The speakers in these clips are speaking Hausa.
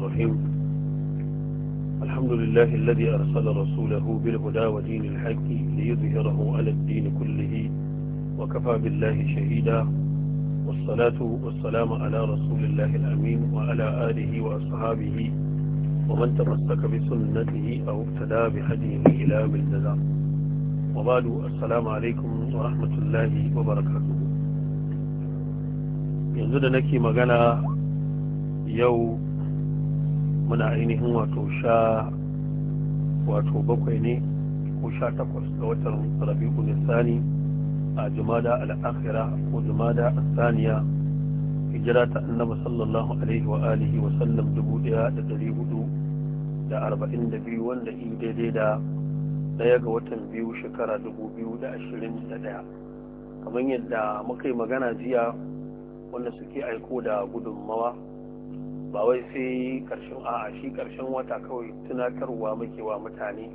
الرحيم الحمد لله الذي أرسل رسوله بالهدى ودين الحق ليظهره على الدين كله وكفى بالله شهيدا والصلاة والسلام على رسول الله الأمين وعلى آله وأصحابه ومن تمسك بسنته أو اقتدى بهديه إلى بالجزاء وبعد السلام عليكم ورحمة الله وبركاته ينزل نكي مغانا magana muna ainihin wato sha wato bakwai ne ko sha takwas ga watan rabi'u sani a jumada al'akhira ko jumada asaniya hijira ta annaba sallallahu alaihi wa alihi wa sallam dubu daya da dari hudu da arba'in da biyu wanda in daidai da daya ga watan biyu shekara dubu biyu da ashirin da daya kamar yadda muka yi magana jiya wanda suke aiko da gudunmawa ba wai sai karshen a'a shi karshen wata kawai tunatarwa muke wa mutane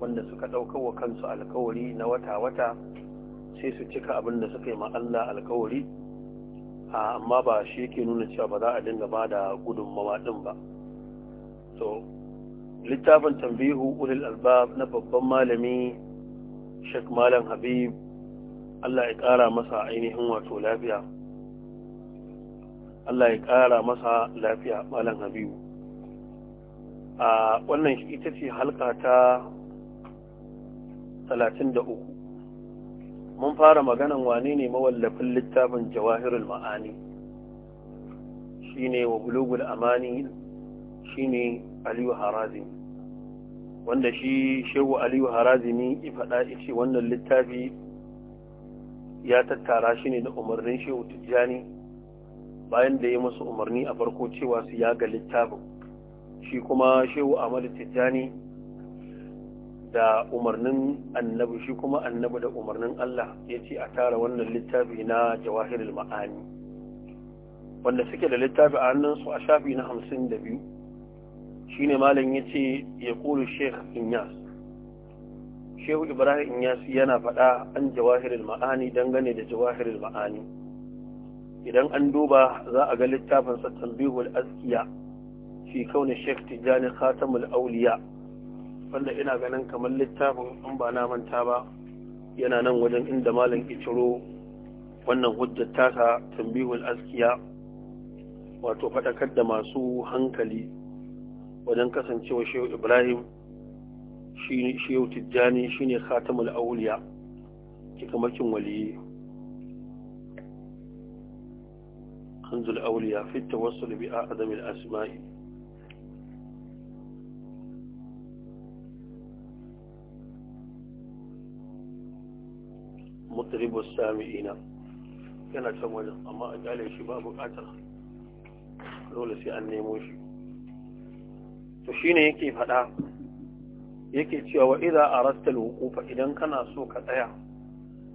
wanda suka ɗaukar wa kansu alkawari na wata-wata sai su cika abin da suka yi ma'alla alkawari amma ba shi yake nuna cewa ba za a dinga ba da gudunmawa ɗin ba so littafin tambihu ulil albab na babban malami shek malam habib Allah ya ƙara masa ainihin wato lafiya Allah ya ƙara masa lafiya malam habibu a wannan ita ce halka ta talatin da uku. mun fara maganan wane ne mawallafin littafin jawahirul ma'ani shine wa gulugul amani shine aliyu harazimi wanda shi shehu aliyu harazimi ifaɗa ice wannan littafi ya tattara shi ne da umarnin shehu tijjani bayan da ya musu umarni a farko cewa su yaga littafin shi kuma shehu ahmadu tijjani da umarnin annabi shi kuma annabi da umarnin Allah ya ce a tara wannan littafi na jawahirul ma'ani wanda suke da littafi a hannunsu a shafi na hamsin da biyu shi ne malin ya ce ya kulu sheikh inyas shehu ibrahim inyas yana faɗa an jawahirul ma'ani dangane da jawahirul ma'ani idan an duba za a ga littafin sa tambihul askiya fi kauna shek tijjani khatamul auliya wanda ina ganin kamar littafin an ba na manta ba yana nan wajen inda malam kiciro wannan hujjar tasa tambihul askiya wato faɗakar da masu hankali wajen kasancewa shehu ibrahim shehu tijjani shine khatamul auliya cikamakin waliyi كنز الأولياء في التوصل بأعظم الأسماء مطرب السامعين كان سمو الأماء عليه شباب أترى قول سي أني موش تشيني كيف هذا يكي تشي وإذا أردت الوقوف إذا كان سوك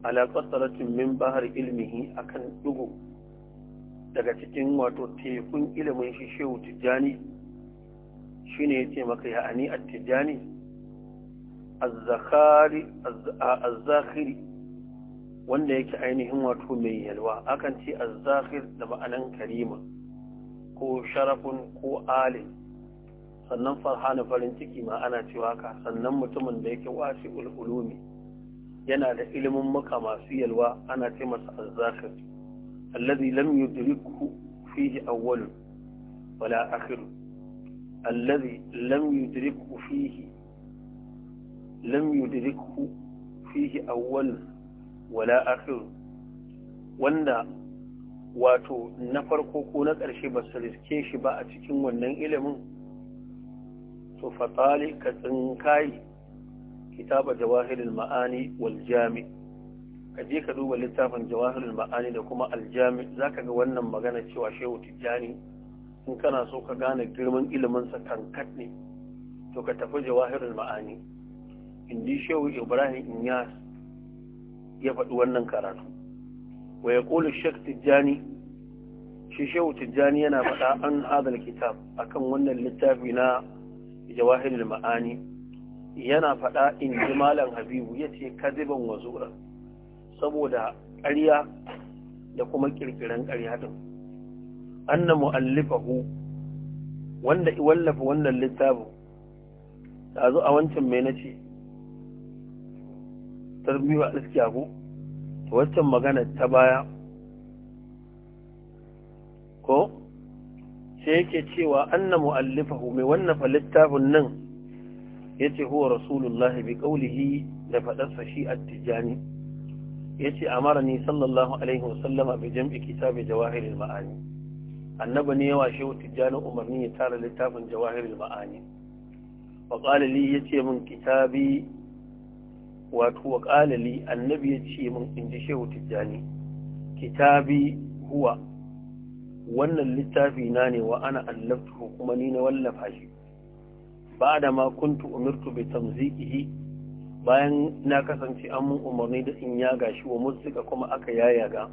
على قصرة من بحر علمه أكن يقول daga cikin wato tekun ilimin shi shehu tijjani shi ne ya ce maka ya ani a tijjani azzakiri wanda yake ainihin wato mai yalwa akan ce azzakir da ma'anan karima ko sharafin ko alin sannan farhana farin ciki ma ana cewa ka sannan mutumin da yake wasi ululumi yana da ilimin maka masu yalwa ana ce masa azzakiri الذي لم يدركه فيه أول ولا آخر الذي لم يدركه فيه لم يدركه فيه أول ولا آخر وأن واتو نفر كوكونا كرشي بس رزكيش باعتك ونن إلم فطالي كتنكاي كتاب جواهر المعاني والجامي ka je ka duba littafin jawahirul ma'ani da kuma aljami zaka ga wannan magana cewa shehu tijjani in kana so ka gane girman ilimin sa kankat ne to ka tafi jawahirul ma'ani indi shehu ibrahim inyas ya faɗi wannan karatu wa yaqulu shehu tijjani shi shehu tijjani yana faɗa an hadal kitab akan wannan littafi na jawahirul ma'ani yana faɗa in ji malam habibu yace kadiban wazura saboda ƙarya da kuma ƙirƙiran ƙarya din anna mu'allifahu wanda i wallafa wannan littafin da zo a wancan mai nace tarbiyu a iskiya ko to wancan magana ta baya ko sai yake cewa anna mu'allifahu mai wannafa littafin nan yace huwa rasulullahi bi qawlihi da faɗarsa shi at-tijani ya yace amarani sallallahu alaihi wasallama bi jam'i kitab jawahiril ma'ani annaba ne yawa shehu tijjani umarni ya tara littafin jawahiril ma'ani wa qala li yace min kitabi wato wa qala li annabi yace min inji shehu tijjani kitabi huwa wannan littafi na ne wa ana allaftuhu kuma ni na wallafa shi ba da ma kuntu umirtu bi tamzikihi bayan na kasance an mun umarni da in ya gashi wa musika kuma aka yayaga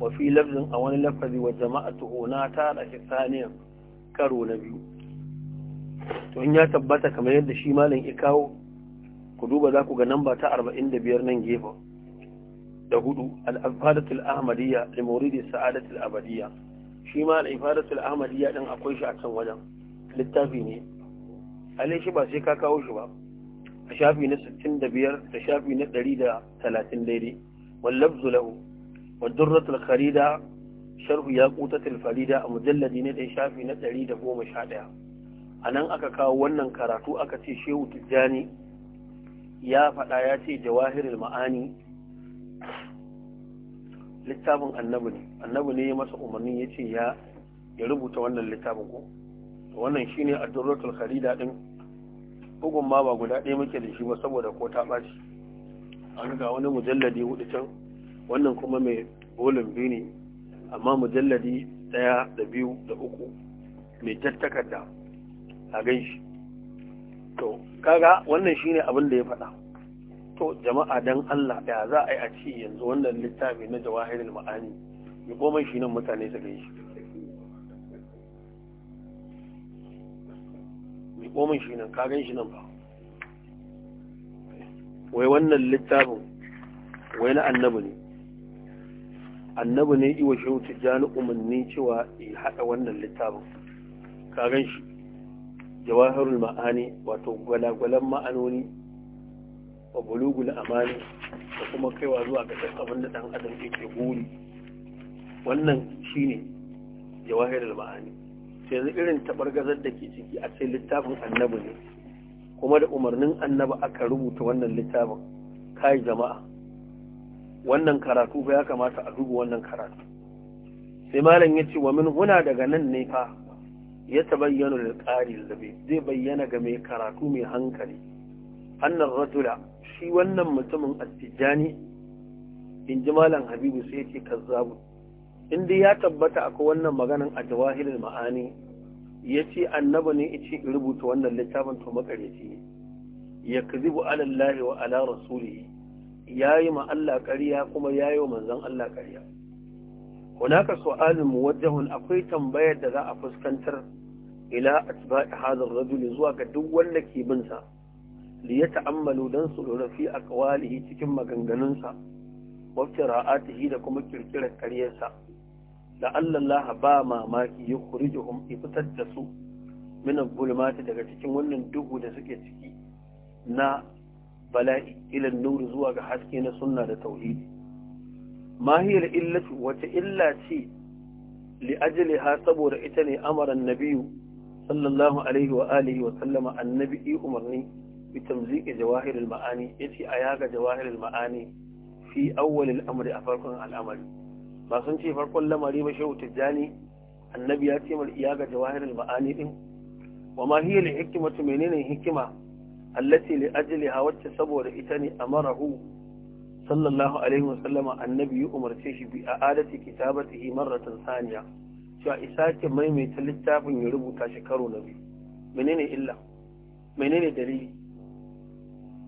wa fi lafzin a wani lafazi wa jama'a na ta da shi saniyan karo na biyu to in ya tabbata kamar yadda shi malam ya kawo ku duba za ku ga namba ta 45 nan gefen da hudu al'afadatul ahmadiyya da mauridi sa'adatul abadiyya shi ma al'afadatul ahmadiyya din akwai shi a can wajen littafi ne alai shi ba sai ka kawo shi ba a shafi na 65 da shafi na 130 daidai wallabzu wa wadurratul kharida sharhu yaqutatul farida a mujalladi ne dai shafi na 111 anan aka kawo wannan karatu aka ce shehu tijjani ya faɗa ya ce jawahirul ma'ani littafin annabi ne annabi ne ya masa umarni ya ce ya rubuta wannan littafin ko wannan shine addurratul kharida din bugun ma ba guda ɗaya muke da shi ba saboda ko ta ɓaci an ga wani mujalladi hudu can wannan kuma mai bolin biyu ne amma mujalladi ɗaya da biyu da uku mai da a gan shi to kaga wannan shi ne abin da ya faɗa to jama'a don Allah ya za a yi a ci yanzu wannan littafi na jawahirin ma'ani ya komai shi nan mutane su gan shi mai komin shi nan kagan shi nan ba wai wannan littafin wai na annabi ne annabi ne iwa shi wuce jani umarni cewa ya haɗa wannan littafin kagan shi jawahirul ma'ani wato gwalagwalan ma'anoni wa bulugul amani da kuma kaiwa zuwa ga duk abin da dan adam yake guri wannan shine jawahirul ma'ani yanzu irin taɓargazar da ke ciki a ce littafin annabi ne kuma da umarnin annabi aka rubuta wannan littafin kai jama'a wannan karatu ba ya kamata a duba wannan karatu sai malam ya ce wa min huna daga nan ne fa ya tabayyana da ƙari zabe zai bayyana ga mai karatu mai hankali annan rajula shi wannan mutumin attijani in ji malam habibu sai ya ce kazzabu in dai ya tabbata akwai wannan maganan a jawahirul ma'ani ya ce annaba ne ice rubuta wannan littafin to makareci ya kazibu alallahi wa ala rasuli ya yi ma Allah ƙarya kuma ya yi wa manzan Allah ƙarya hunaka su'alin muwajjahun akwai tambayar da za a fuskantar ila atba'i hadar rajuli zuwa ga duk wanda ke bin sa li ya ta'ammalu don su lura fi aqwalihi cikin maganganunsa wa qira'atihi da kuma kirkirar karyarsa da Allah ba mamaki ya kuri ya fitar da su min gulmati daga cikin wannan duhu da suke ciki na bala'i ilan nuru zuwa ga haske na sunna da tauhidi mahiyar illatu wata illa ce li ajliha saboda ita ne amaran nabiyu sallallahu alaihi wa alihi wa sallama annabi umarni bi tamziqi jawahirul ma'ani yace a yaga jawahirul ma'ani fi awwal amari amri a farkon al'amari ba sun ce farkon lamari ba shehu tijjani annabi ya ce mar iya ga jawahirul ma'ani din wa ma hiya li hikmatu menene hikima allati li ajliha wacce saboda ita ne amarahu sallallahu alaihi wa sallama annabi ya umarce shi bi a'adati kitabatihi marratan saniya cewa isake maimaita littafin ya rubuta shi karo na biyu menene illa menene dalili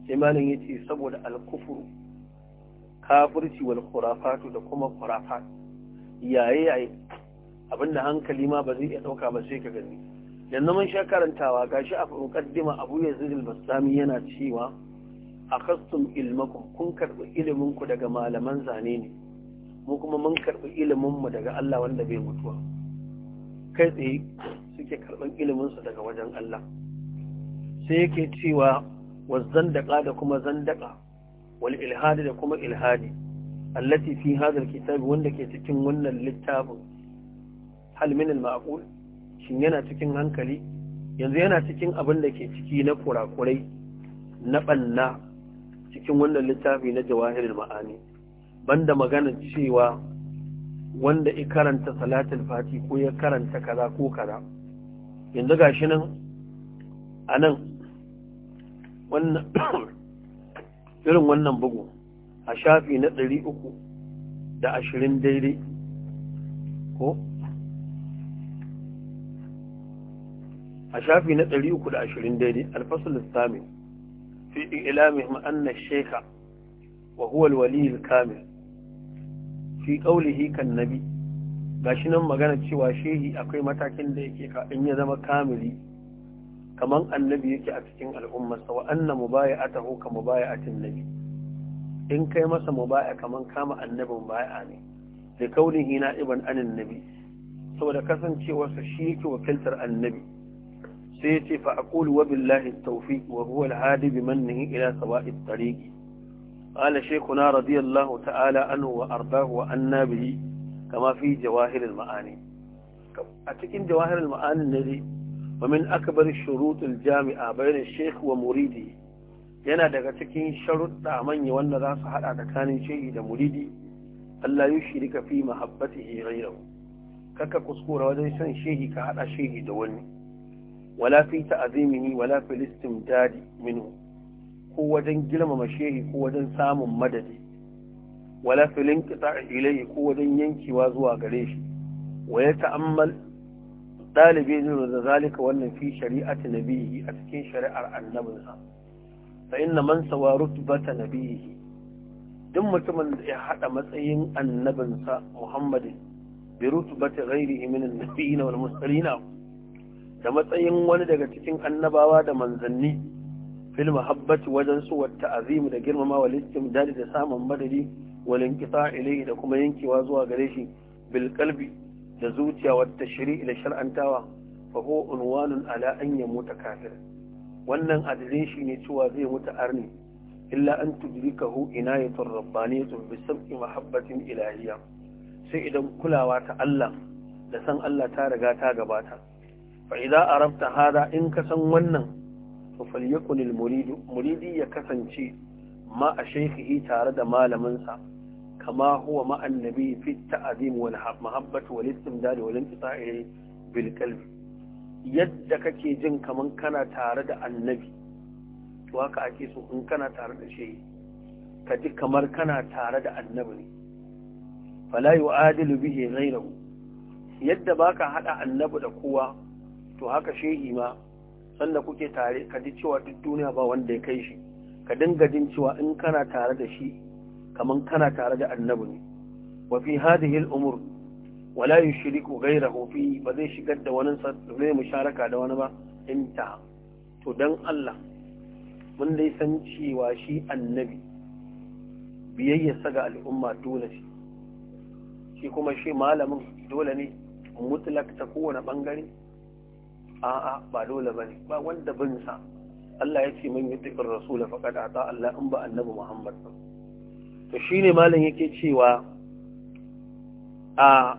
sai malam yace saboda al-kufru kafirci wal khurafatu da kuma khurafat yaye yaye abinda hankali ma ba zai iya dauka ba sai ka gani yanzu mun sha karantawa gashi a muqaddima Abu Yazid al-Bastami yana cewa akhastum ilmakum kun karbi ilimin ku daga malaman zane ne mu kuma mun karbi ilimin mu daga Allah wanda bai mutuwa kai tsaye suke karban ilimin su daga wajen Allah sai yake cewa zandaka da kuma zandaka wal ilhadi da kuma ilhadi allati fi hadha kitabi wanda ke cikin wannan littafin hal min ma'qul shin yana cikin hankali yanzu yana cikin abin da ke ciki na kurakurai na banna cikin wannan littafi na jawahirul ma'ani banda magana cewa wanda ya karanta salatul fati ko ya karanta kaza ko kaza yanzu gashi nan anan wannan irin wannan bugu a shafi na ɗari uku da ashirin daidai ko a shafi na ɗari uku da ashirin daidai alfasul islami fi ilami sheka wa huwal kamil fi qawlihi kan nabi gashi nan magana cewa shehi akwai matakin da yake ka ya zama kamili kaman annabi yake a cikin al'ummarsa wa anna mubaya'atahu ka mubaya'atin nabi in kai masa mubaya kaman kama annabin baya ne da kaunin Hina iban anin nabi saboda kasancewarsa shi yake wakiltar annabi sai yace fa aqulu wa billahi tawfiq wa huwa al-hadi bi mannihi ila sawa'i at-tariq qala shaykhuna radiyallahu ta'ala anhu wa ardahu wa anna bihi kama fi jawahir al-ma'ani a cikin jawahir al-ma'ani ne ومن أكبر الشروط الجامعة بين الشيخ muridi. yana daga cikin sharuɗa manya wanda za su haɗa tsakanin shehi da muridi Allah yi shirika fi mahabbatihi ghayrahu kaka kuskura wajen shan shehi ka haɗa shehi da wani wala fi ta'zimihi wala fi istimdadi minhu ko wajen girmama shehi ko wajen samun madadi wala fi linqita ilayhi ko wajen yankewa zuwa gare shi wa ya ta'ammal ɗalibi zai da zalika wannan fi shari'ati nabihi a cikin shari'ar annabinsa fa inna man sawa rutbata nabihi duk mutumin da ya hada matsayin annabinsa muhammadin bi rutbati ghairihi min an wal mursalina da matsayin wani daga cikin annabawa da manzanni fil mahabbati wajen su wa ta'zim da girmama wal istimdad da samun madadi wal inqita ilayhi da kuma yankewa zuwa gare shi bil qalbi da zuciya wata shiri da shar'antawa fa huwa unwanun ala an yamuta kafir wannan adalin shi ne cewa zai mutu arni illa an tudrikahu inayatun rabbaniyatun bi sab'i mahabbatin ilahiyya sai idan kulawa ta Allah da san Allah ta riga ta gabata fa idza arabta hada in ka san wannan to falyakun al muridi ya kasance ma a shaykhihi tare da malamin sa كما هو مع النبي في التعظيم والمحبة والاستمداد والانتفاع بالقلب yadda kake jin kaman kana tare da annabi to haka ake so in kana tare da shi ka ji kamar kana tare da annabi ne fala yu'adilu bihi ghayrahu yadda baka hada annabi da kowa to haka shehi ma sanda kuke tare ka ji cewa duk duniya ba wanda ya kai shi ka dinga jin cewa in kana tare da shi kamar kana tare da annabi ne wa fi hadhihi al-umur wala yushriku ghayrahu fi ba zai shigar da wani zai musharaka da wani ba inta to dan Allah mun dai san cewa shi annabi biyayyarsa ga al'umma dole ce shi kuma shi malamin dole ne mutlak ta kowane bangare a'a ba dole bane ba wanda bin sa Allah ya ce man yutiqir rasula faqad ata Allah in ba annabi Muhammad ba to ne malam yake cewa a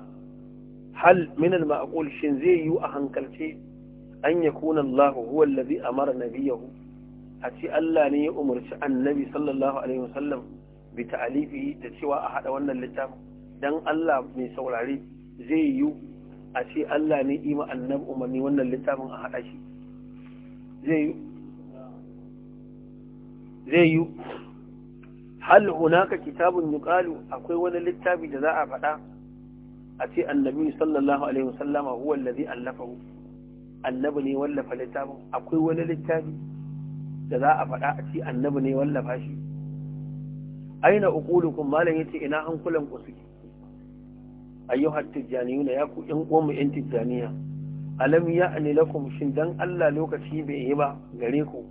hal min shin zai yi a hankalce an yakuna Allah huwa allazi amara nabiyahu a ce Allah ne ya umarci annabi sallallahu alaihi wasallam bi ta'alifi da cewa a hada wannan littafin dan Allah mai saurare zai yi a ce Allah ne ma annabi umarni wannan littafin a hada shi zai yi zai yi hal hunaka kitabun yuqalu akwai wani littafi da za a faɗa a ce annabi sallallahu alaihi wasallama huwa allazi allafahu annabi ne wallafa littafin akwai wani littafi da za a faɗa a ce annabi ne wallafa shi aina uqulukum malam yace ina hankulan ku suke ayyuhat tijaniyuna ya ku yan uwan mu yan tijaniya alam ya'ni lakum shin dan Allah lokaci bai yi ba gare ku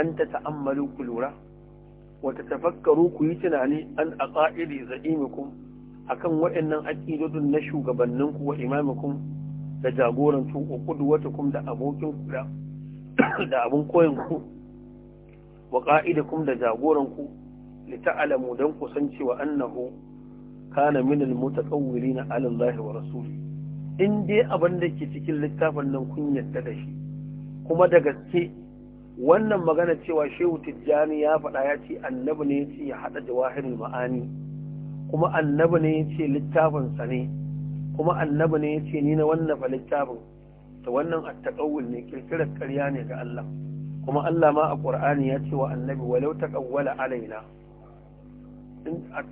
an ta ta'ammalu ku lura wata tafakkaru ku yi tunani an a ƙa'iri za'imikum akan waɗannan aƙidodin na shugabanninku wa imamikum da jagorancu ku kum da abokin da abin koyin ku wa ƙa'idakum da jagoranku li ta'alamu dan ku san cewa annahu kana min al-mutaqawwilina ala Allah wa rasuli in dai abin da ke cikin littafin nan kun yarda da shi kuma da gaske wannan magana cewa shehu tijjani ya faɗa ya ce annabi ne ya ce ya haɗa jawahirul ma'ani kuma annabi ne ya ce littafin sa ne kuma annabi ne ya ce ni na wannan fa littafin ta wannan attaqawul ne kirkirar ƙarya ne ga Allah kuma Allah ma a Qur'ani ya ce wa annabi walau taqawwala alaina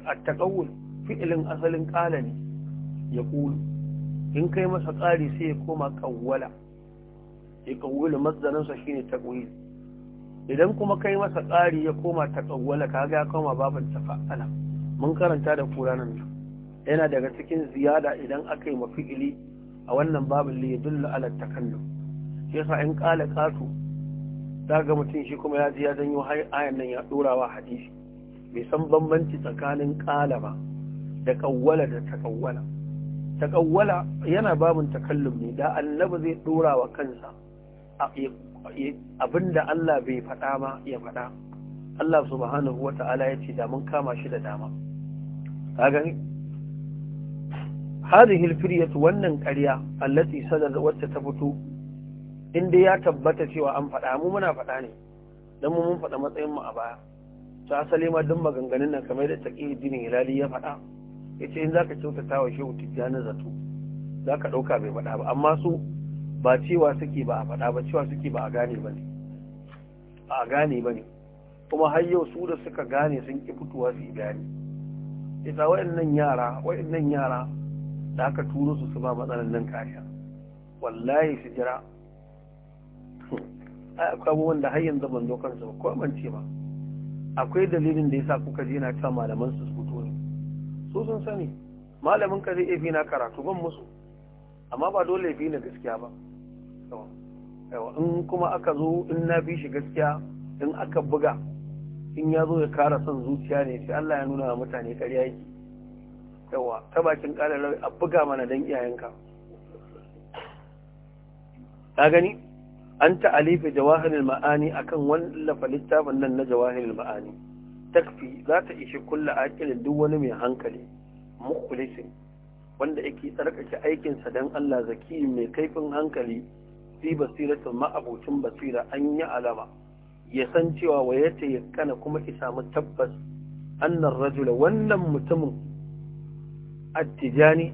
attaqawul fi'ilin asalin qala ne ya qulu in kai masa ƙari sai ya koma qawwala ya qawwala masdarin shine taqwil idan kuma kai masa tsari ya koma ta ka kaga ya koma babin tafa'ala mun karanta da kuranan yana daga cikin ziyada idan aka yi mafi'ili a wannan babin li yadullu ala takallum shi yasa in kala katu daga mutum shi kuma ya ji ya janyo ayan nan ya dorawa hadisi bai san bambanci tsakanin kala ba da kawwala da takawwala takawwala yana babin takallum ne da annabi zai dora wa kansa a Eh, Abin da Allah bai faɗa ma ya faɗa Allah subhanahu wa ta'ala ya ce da mun kama shi da dama ka gani hadhihi alfiryatu wannan ƙarya allati sadar wacce ta fito inda ya tabbata cewa an faɗa mu muna faɗa ne dan mu mun faɗa matsayin mu a baya To asali ma duk maganganun nan kamar da taqiyuddin hilali ya faɗa yace in zaka kyautata wa shehu tijjani zato zaka dauka bai faɗa ba amma su ba cewa suke ba a faɗa ba cewa suke ba a gane ba ne a gane ba ne kuma har yau su da suka gane sun ki fitowa su yi bayani ita wa'annan yara wa'annan yara da aka turo su su ba matsalan nan kariya wallahi su jira ai akwai abubuwan da har yanzu ban zo kansu ba ko ban ba akwai dalilin da yasa kuka je na ta malaman su fito ne su sun sani malamin ka zai iya fi na karatu ban musu amma ba dole ya fi na gaskiya ba in kuma aka zo in na bi shi gaskiya in aka buga in ya zo ya kara son zuciya ne sai Allah ya nuna wa mutane ƙarya yake yawa ta bakin ƙara a buga mana dan iyayenka ka gani an ta'alifi jawahirul ma'ani akan wallafa littafin nan na jawahirul ma'ani takfi za ta ishi kulla aqilin duk wani mai hankali mukhlisin wanda yake tsarkake aikinsa dan Allah zaki mai kaifin hankali fi basiratin ma'abocin basira an yi alama ya san cewa wa ya kana kuma ki samu tabbas annan rajula wannan mutumin attijani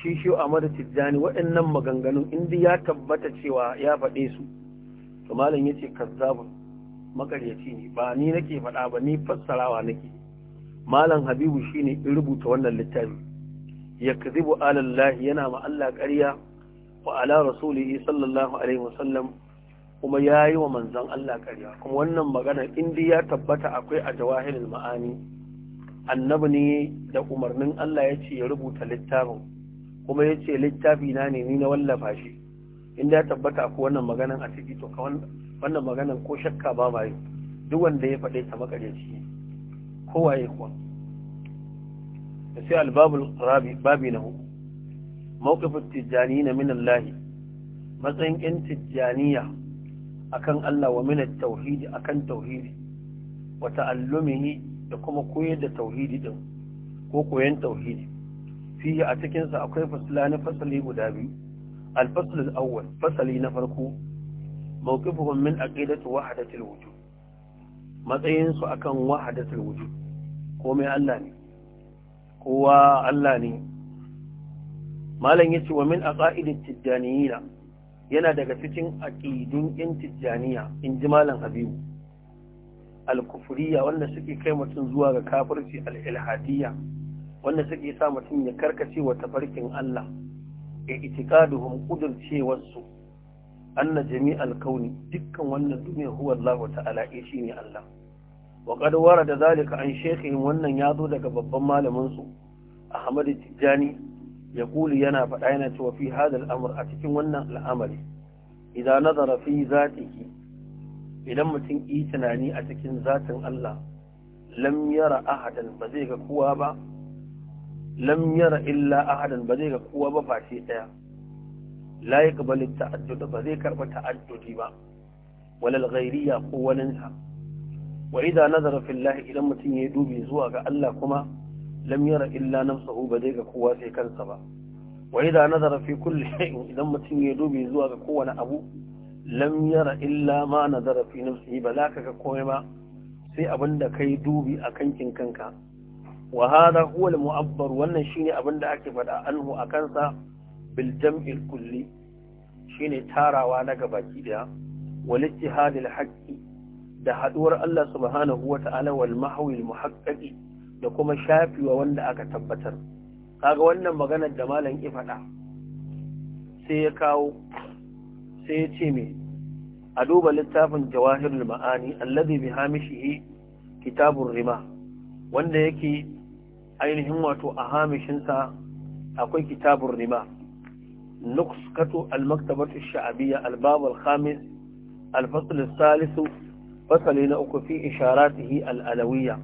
shi shi a mada tijjani waɗannan maganganun inda ya tabbata cewa ya faɗe su to malam ya ce kazzabun makaryaci ne ba ni nake faɗa ba ni fassarawa nake malam habibu shine in rubuta wannan littafi ya kazibu alallahi yana ma Allah ƙarya wa ala rasulihi sallallahu alaihi wasallam kuma ya yi wa manzan Allah karya kuma wannan magana indi ya tabbata akwai a jawahirin ma'ani annabi ne da umarnin Allah ya ce ya rubuta littafin kuma ya ce littafi na ne ni na wallafa shi inda ya tabbata akwai wannan maganan a ciki to wannan maganan ko shakka ba ma duk wanda ya faɗe ta makaryaci kowa ya kuwa sai albabul rabi babi na mawqifut tijaniyin min Allah matsayin kin tijjaniya akan Allah wa min tauhidi akan tauhidi wa ta'allumihi da kuma koyar da tauhidi din ko koyan tauhidi fihi a cikinsa akwai faslani fasali guda biyu al-fasl awwal fasali na farko mawqifuhum min aqidati wahdatil wujud matsayin su akan wahdatil wujud komai Allah ne kowa Allah ne malam yace wa min aqaidit tijaniyya yana daga cikin aqidun yan Tijjaniya. in ji malam habibu al-kufriya wanda suke kai mutum zuwa ga kafirci al-ilhadiyya wanda suke sa mutum ya karkace wa tafarkin Allah e itiqaduhum qudurcewar su anna jami'al kauni dukkan wannan duniya huwa Allah ta'ala e shine Allah wa qad warada zalika an shaykhihim wannan yazo daga babban malamin su Ahmad Tijani ya yana faɗa yana cewa fi hadal amur a cikin wannan al'amari idan nazara fi zatiki idan mutum yi tunani a cikin zatin Allah lam yara ahadan ba zai ga kowa ba lam yara illa ahadan ba zai ga kowa ba ba sai daya la yaqbalu ba zai karba ta'addudi ba walal ghayriya ko wa idan na fi Allah idan mutum ya yi dubi zuwa ga Allah kuma lam yara illa nafsahu ba zai ga kowa sai kansa ba wa idza nazara fi kulli idan mutum ya dubi zuwa ga kowane abu lam yara illa ma nazara fi nafsihi ba za ka ga komai ba sai abin da kai dubi a kankin kanka wa hada huwa al-mu'abbar wannan shine abin da ake faɗa anhu a kansa bil jam'il kulli shine tarawa na gabaki daya wal ittihadil haqqi da haduwar Allah subhanahu wa ta'ala wal mahwi al da kuma wa wanda aka tabbatar kaga wannan maganar da malam ya faɗa sai ya kawo sai ya ce me a duba littafin jawahirul ma'ani alladhi bi hamishihi kitabur rima wanda yake ainihin wato a sa akwai kitabur rima نقصة المكتبة الشعبية الباب الخامس الفصل الثالث فصل نأك isharatihi al alawiyya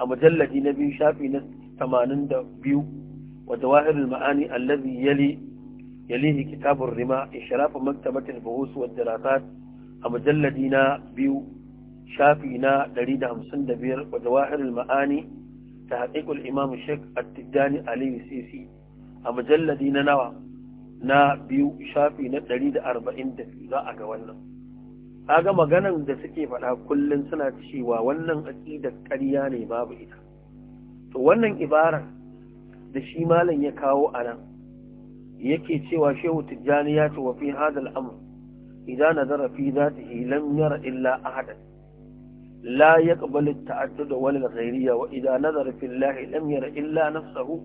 a mujalladi na biyu shafi na 82 wa wahirin ma'ani allazi yali yalihi kitabun rima in ishraf maktabatil buhus wad dirasat a mujalladi na biyu shafi na 155 wa wahirin ma'ani ta tahqiqul imam shaykh at-tijani ali sisi a mujalladi na nawa na biyu shafi na 140 da za a ga wannan kaga maganan da suke faɗa kullum suna cewa wannan aƙidar ƙarya ne babu ita to wannan ibaran da shi malam ya kawo a nan yake cewa shehu tijjani ya ce wa fi hadal amr idan nazara fi zatihi lam yara illa ahadan la yaqbalu at-ta'addud wal ghayriyya wa idan nazara fi Allah lam yara illa nafsuhu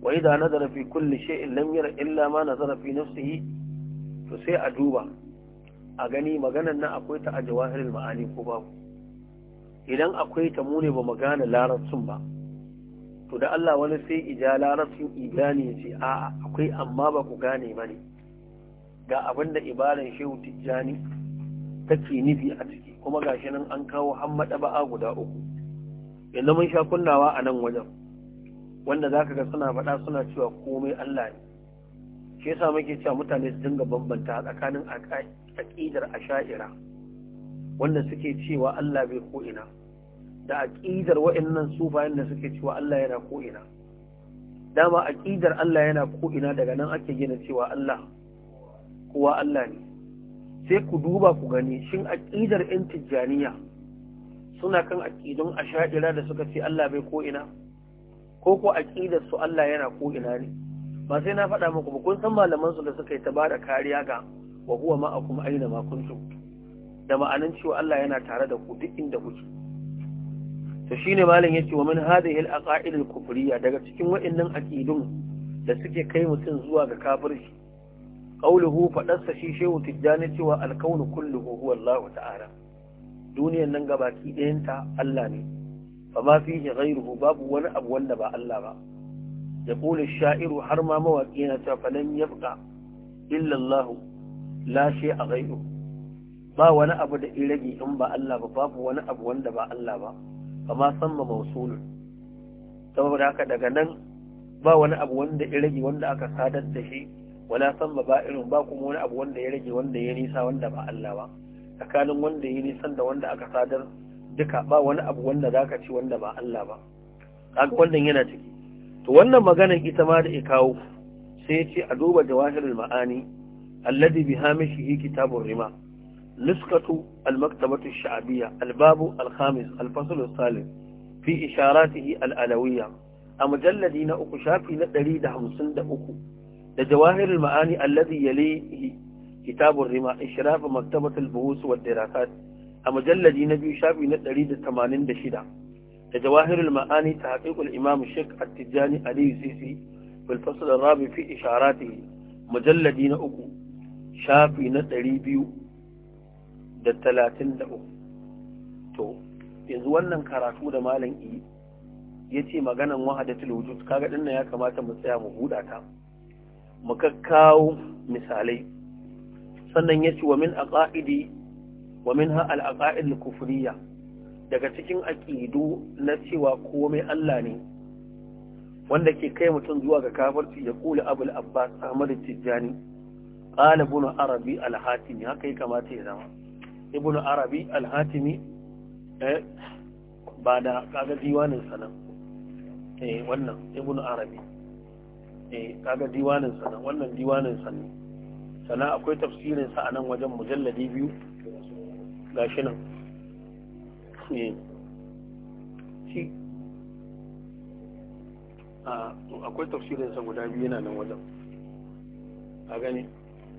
wa idan nazara fi kulli shay'in lam yara illa ma nazara fi nafsihi to sai a duba a gani maganan nan akwai ta a jawahirul ma'ani ko babu idan akwai ta mune ba magana larabcin ba to da Allah wani sai ija larabcin ibani ya ce a'a akwai amma ba ku gane ba ne ga abin da ibaran shehu tijjani take nufi a ciki kuma ga shi nan an kawo hammada ba'a guda uku yanzu mun sha kunnawa a nan wajen wanda zaka ga suna faɗa suna cewa komai Allah ne shi yasa muke cewa mutane su dinga bambanta tsakanin aqaidi aƙidar asha'ira wanda suke cewa Allah bai ko'ina da aƙidar waannan sufayen da suke cewa Allah yana ko'ina dama aƙidar Allah yana ko'ina daga nan ake gina cewa Allah kowa Allah ne sai ku duba ku gani shin aƙidar 'yan tijjaniya suna kan aƙidun asha'ira da suka ce Allah bai ko'ina ko ko aƙidar su Allah yana ko'ina ne ba sai na faɗa muku ba kun san malaman su da suka yi ta bada kariya ga wa huwa ma'akum aina ma kuntum da ma'anan cewa Allah yana tare da ku duk inda kuke to shine malam yace wa min hadhihi al-aqaid al-kufriyya daga cikin wa'annan aqidun da suke kai mutum zuwa ga kafirci qauluhu fadarsa shi shehu tijjani cewa al-kawn kulluhu huwa Allah ta'ala duniyan nan gabaki ɗayanta Allah ne فما wani abu wanda ba allah ba. با الله با يقول الشاعر حرما مواقينا فلن يبقى إلا الله lashe a gaibu ba wani abu da irage in ba Allah ba babu wani abu wanda ba Allah ba ma san ma mausulun saboda haka daga nan ba wani abu wanda irage wanda aka sadar da shi wala san ba ba irin ba kuma wani abu wanda ya rage wanda ya nisa wanda ba Allah ba tsakanin wanda ya nisan da wanda aka sadar duka ba wani abu wanda zaka ci wanda ba Allah ba kaga wannan yana ciki to wannan maganar ita ma da ya kawo sai ya ce a duba jawahirul ma'ani alladhi bi hamishihi kitabur rima لسكة المكتبة الشعبية الباب الخامس الفصل الثالث في إشاراته الألوية أمجلدين أقشافي نتريد همسن دأكو لجواهر المعاني الذي يليه كتاب الرماء إشراف مكتبة البحوث والدراسات أمجلدين نبي شافي نتريد ثمانين دشدا لجواهر المعاني تحقيق الإمام الشيخ التجاني علي سيسي في الفصل الرابع في إشاراته مجلدين أكو shafi na ɗari biyu da talatin da uku to yanzu wannan karatu da malam i ya ce maganan wahadatul wujud kaga dinnan ya kamata mu tsaya mu buɗa ta mu kakkawo misalai sannan ya ce wa min aqaidi wa minha al aqaid al daga cikin aƙidu na cewa komai Allah ne wanda ke kai mutum zuwa ga kafirci ya kula abul abbas ahmad tijjani قال ابن عربي الحاتمي hatimi كماتي يا kamata ya zama الحاتمي ا al-hatimi eh ba da wannan ابن عربي wannan سنا akwai tafsirin sa anan wajen mujalladi biyu gashi nan shi akwai tafsirin sa guda biyu na nan wajen a gani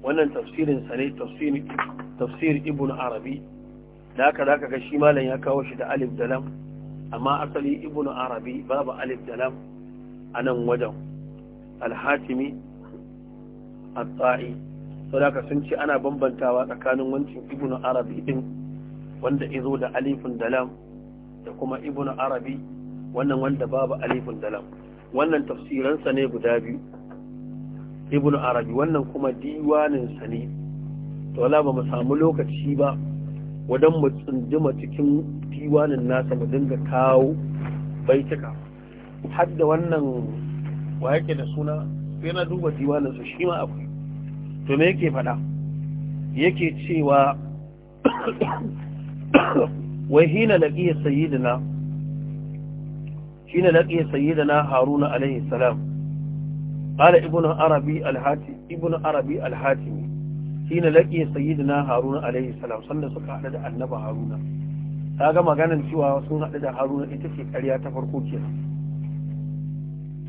wannan tafsirin sa ne tafsir ibn arabi da haka zaka ga shi malam ya kawo shi da alif dalam amma asali ibn arabi babu alif dalam lam anan wajen al-hatimi sau tai da sun ce ana bambantawa tsakanin wancin ibn arabi din wanda izo da alifin dalam da kuma ibn arabi wannan wanda babu alifin dalam wannan tafsiransa ne guda biyu ibn arabi wannan kuma diwanin sa ne to wala ba mu samu lokaci ba wadan mu tsunduma cikin diwanin nasa mu dinga kawo baituka har da wannan wa yake da suna sai na duba diwanin sa shi ma akwai to me yake fada yake cewa wai hina laqiya sayyidina hina laqiya sayyidina haruna alaihi salam قال ابن عربي الهاتي ابن عربي الهاتمي حين لقي سيدنا هارون عليه السلام صلى الله عليه وسلم هارون kaga maganar cewa sun haɗu da haruna ita ce ƙarya ta farko ke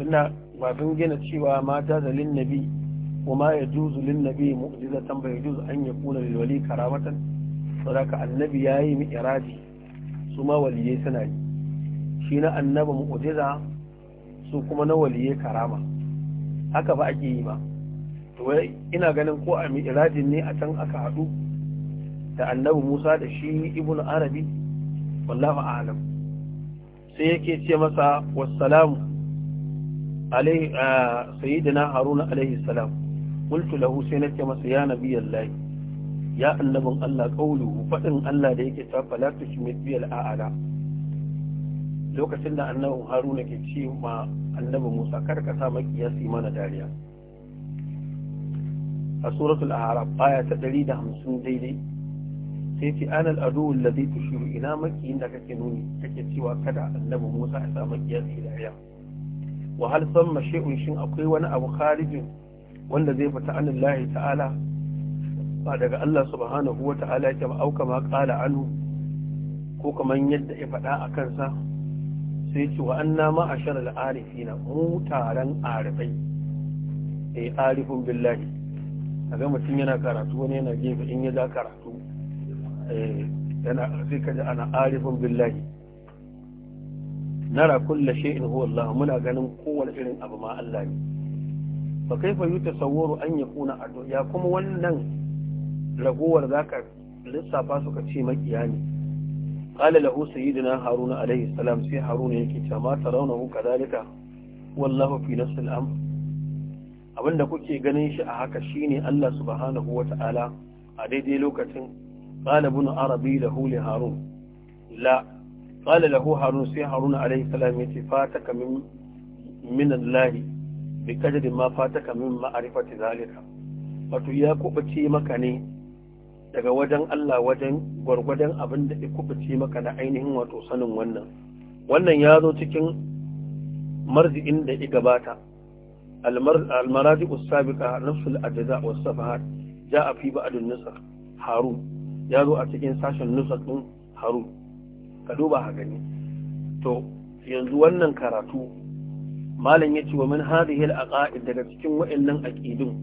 tunda ba sun gina cewa mata da linnabi kuma ya juzu linnabi mu'jiza tan bai juzu an ya kula da wali karamatan saboda annabi ya yi mi'iraji su ma waliyai suna yi shi na annabi mu'jiza su kuma na waliyai karama haka ba ake yi ba to ina ganin ko a mi'rajin ne a can aka haɗu da annabi Musa da shi ibnu arabi wallahu a'lam sai yake ce masa wassalamu alaihi sayyidina haruna alaihi salam qultu lahu sai masa ya nabiyallahi ya annabin Allah qauluhu fadin Allah da yake ta falatu shimit bil a'ala lokacin da annabin haruna ke ce ma annabi musa kar ka sa makiyasi mana dariya a suratul arab baya ta ɗari da hamsin daidai sai ce an al'adu wallazi shiru ina makiyin da kake nuni kake cewa kada annabi musa ya sa makiyasi dariya wa hal san mashi'un shin akwai wani abu kharijin wanda zai fita an Allah ta'ala ba daga Allah subhanahu wa ta'ala ya ba auka ma qala anu. ko kaman yadda ya faɗa a kansa sai ce wa anna ma ashar arifina mu taron arifai eh arifun billahi ga mutum yana karatu wani yana gefe in ya za karatu eh, yana sai kaji ana arifun billahi nara kulla shay'in huwa Allah muna ganin kowane irin abu ma Allah ne fa yuta sawuru an ya kuna adu ya kuma wannan ragowar zaka lissafa su ka ce makiya ne qala lahu sayyidina haruna alaihi salam sai haruna yake cewa ma tarawnahu kadalika wallahu fi nafsi al-amr abinda kuke ganin shi a haka shine Allah subhanahu wata'ala a daidai lokacin qala ibn arabi lahu li harun la qala lahu harun sai haruna alaihi salam yace fataka min min Allah bi kadri ma fataka min ma'rifati zalika wato ya kubace maka ne daga wajen Allah wajen gwargwadon abin da ya maka na ainihin wato sanin wannan wannan ya zo cikin marzi'in da ya gabata almaraji usabiqa nafsul ajza was safahat jaa fi ba'dun nusakh harun ya zo a cikin sashen nusakh din harun ka duba ha gani to yanzu wannan karatu malam yace wa min hadhihi al-aqaid daga cikin wa'annan aqidun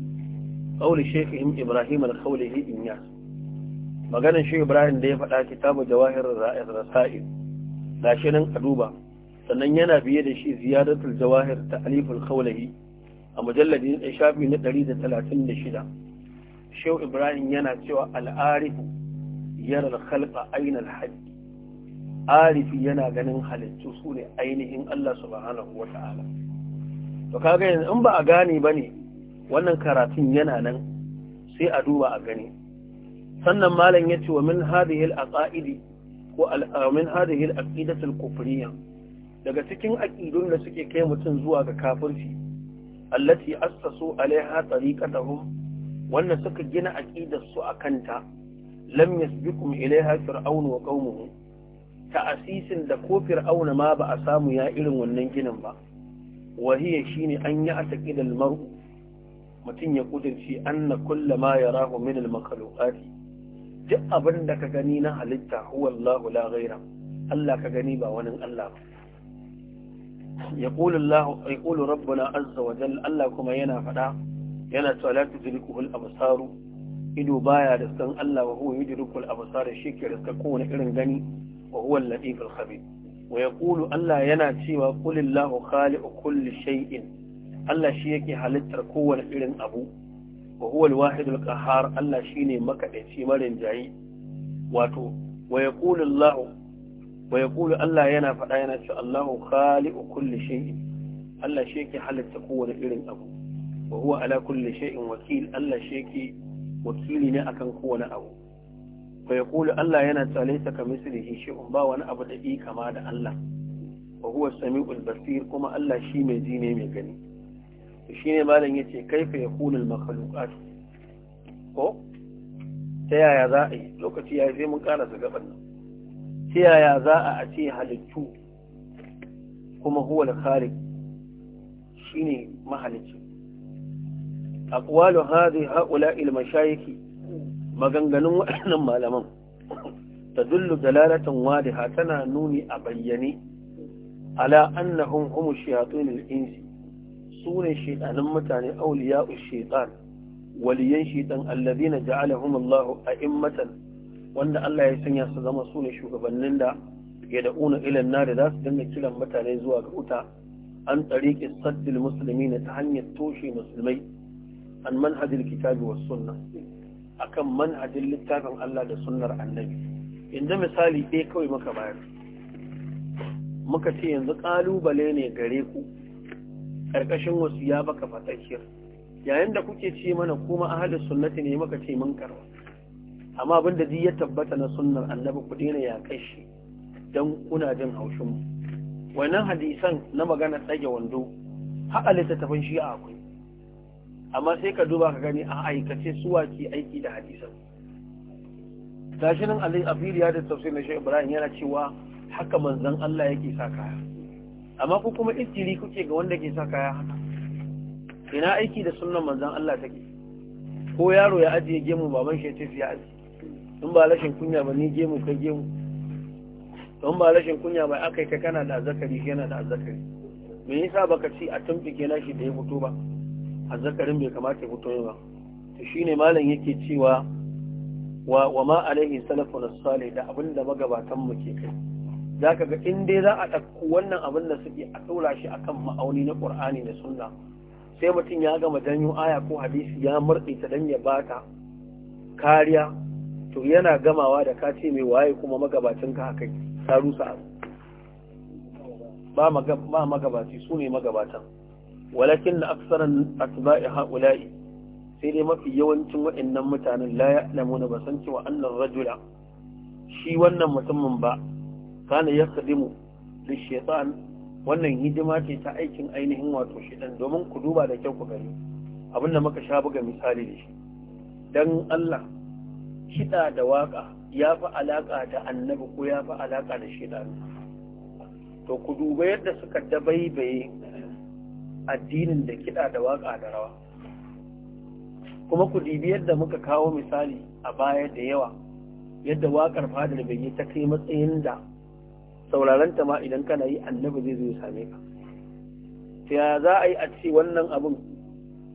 قول شيخهم إبراهيم الخولي إنياس maganar shi ibrahim da ya faɗa kitabu jawahir rasa'il da shi nan a duba sannan yana biye da shi ziyaratul jawahir ta aliful khawlahi a mujalladin da shafi na 136 shehu ibrahim yana cewa al'arifu yara al-khalqa ayna al arifi yana ganin halittu su ne ainihin Allah subhanahu wa ta'ala to kaga yanzu in ba a gane bane wannan karatun yana nan sai a duba a gani sannan malam ce wa min hadhihi al-aqaidi ko min hadhihi al-aqidatu kufriyya daga cikin aqidun da suke kai mutun zuwa ga kafirci allati assasu alaiha tariqatahum wanda suka gina aqidar su akanta lam yasbiqum ilaiha fir'aun wa qaumuhu ta'asisin da ko fir'auna ma ba a samu ya irin wannan ginin ba wahiya shine an yi ataqidal mar'u mutum ya ƙudirce, anna kulla ma yarahu min al-makhluqati duk abin da ka gani na halitta huwallahu la ghaira Allah ka gani ba wani Allah ba yaqulu rabbuna azza wa jalla Allah kuma yana fada yana cewa la tudrikuhu al-absar ido baya da san Allah wa huwa yudriku al-absar shi ke riska kowane irin gani wa huwa al-latif al-khabir wa yaqulu Allah yana cewa qul Allahu khaliqu kulli shay'in Allah shi yake halittar kowane irin abu wa huwa al-wahid al-qahhar Allah shine makadaici marin jayi wato wa yaqulu Allah wa yaqulu Allah yana faɗa yana cewa Allahu khaliqu kulli shay'in Allah shi halitta kowane irin abu wa huwa ala kulli shay'in wakil Allah shi wakili ne akan kowane abu fa yaqulu Allah yana cewa laysa kamithlihi shay'un ba wani abu da kama da Allah wa huwa samiul basir kuma Allah shi mai ji ne mai gani shine malam yace kaifa yakunul makhluqat ko ta yaya za a yi lokaci ya zai mun karasa gaban nan ta yaya za a ce halittu kuma huwa al-khaliq shine mahalicci aqwalu hadhi haula'i al-mashayikh maganganun waɗannan malaman tadullu dalalatan wadiha tana nuni a bayyane ala annahum hum shayatin insi su ne shaidanin mutane auliya shaitan waliyan shaitan alladhina ja'alahum a a'immatan wanda Allah ya sanya su zama su ne shugabannin da ya da'una ilan nari za su dinga kiran mutane zuwa ga wuta an tsariƙi saddil musulmi ta hanyar toshe musulmai an manhajin kitabi wa sunna akan manhajin littafin Allah da sunnar annabi inda misali ɗaya kawai muka bayar muka ce yanzu ƙalubale ne gare ku ƙarƙashin wasu ya baka kiyar yayin da kuke ce mana kuma ahalin sunnati ne maka ce mun karwa amma abin da ya tabbata na sunnar annabi ku daina ya kai shi don kuna jin haushin mu wannan hadisan na magana tsage wando har a littattafan a akwai amma sai ka duba ka gani a aikace suwa ke aiki da hadisan gashi nan alai filiya da tafsir na shi ibrahim yana cewa haka manzan Allah yake sa kaya amma ku kuma istiri kuke ga wanda ke sa kaya haka ina aiki da sunan manzon Allah take ko yaro ya ajiye gemu baban shi ya ya aji in ba rashin kunya ba ni gemu kai gemu in ba rashin kunya ba aka yi ka kana da zakari yana da zakari me yasa baka ci a tumfike na shi da ya fito ba azzakarin bai kamata ya fito ba to shine malam yake cewa wa ma alaihi salafu salih da abinda magabatan mu ke kai za ka ga in dai za a ɗauko wannan abin da suke a ɗora shi a kan ma'auni na ƙur'ani da sunna sai mutum ya gama janyo aya ko hadisi ya murɗe ta don ya bata kariya to yana gamawa da ka ce mai waye kuma magabacin ka haka ta rusa ba magabaci su ne magabatan walakin na aksaran atba'i ha'ula'i sai dai mafi yawancin nan mutanen la ya'lamuna ba san cewa annan rajula shi wannan mutumin ba kana da shaitan wannan hidima ce ta aikin ainihin wato shiɗan domin ku duba da kyau ku gani abinda muka sha buga misali da shi dan Allah kiɗa da waka ya fi alaka da annabi ko ya fi alaka da shaitan to ku duba yadda suka dabaibaye addinin da kiɗa da waka da rawa kuma ku dibi yadda muka kawo misali a baya da yawa yadda waƙar fadar bai yi ta kai matsayin da sauraron ta ma idan kana yi annabi zai zo ya same ka ta ya za a yi a ce wannan abin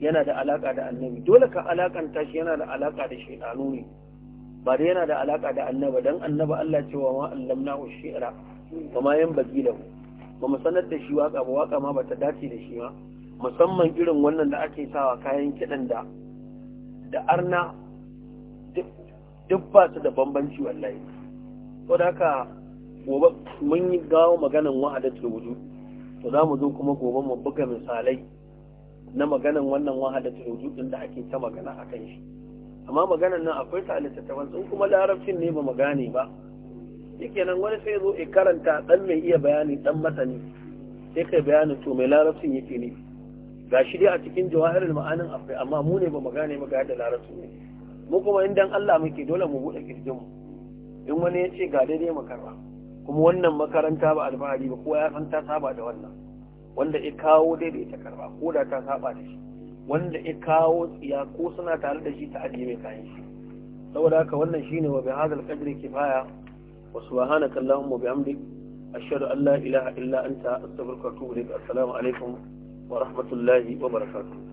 yana da alaka da annabi dole ka alakanta shi yana da alaka da shaidanu ne ba da yana da alaka da annaba dan annabi Allah cewa ma allamnahu shi'ra ba ma baki da ba mu sanar da shi waka ba waka ma ba ta dace da shi ma musamman irin wannan da ake sawa kayan kiɗan da da arna duk ba su da bambanci wallahi da haka gobe mun yi gawo maganan wahadatul wujud to za mu zo kuma gobe mu buga misalai na maganan wannan wahadatul wujud din da ake ta magana akan shi amma maganan nan akwai ta ta sun kuma larabcin ne ba magane ba yake nan wani sai zo ya karanta dan mai iya bayani dan masani sai kai bayanin to mai larabcin yake ne ga shi dai a cikin jawahirul ma'anin akwai amma mu ne ba magane ba ga da larabcin ne mu kuma in dan Allah muke dole mu bude kirjin mu in wani ya ce ga daidai mu karba kuma wannan makaranta ba alfahari ba kowa ya san ta saba da wannan wanda ya kawo daidai ta karba ko da ta saba da shi wanda ya kawo tsiya ko suna tare da shi ta ajiye mai kayan shi saboda haka wannan shine wa bi hadal qadri kifaya wa subhanaka allahumma bi hamdik ashhadu an la ilaha illa anta astaghfiruka wa atubu ilaik assalamu alaikum wa rahmatullahi wa barakatuh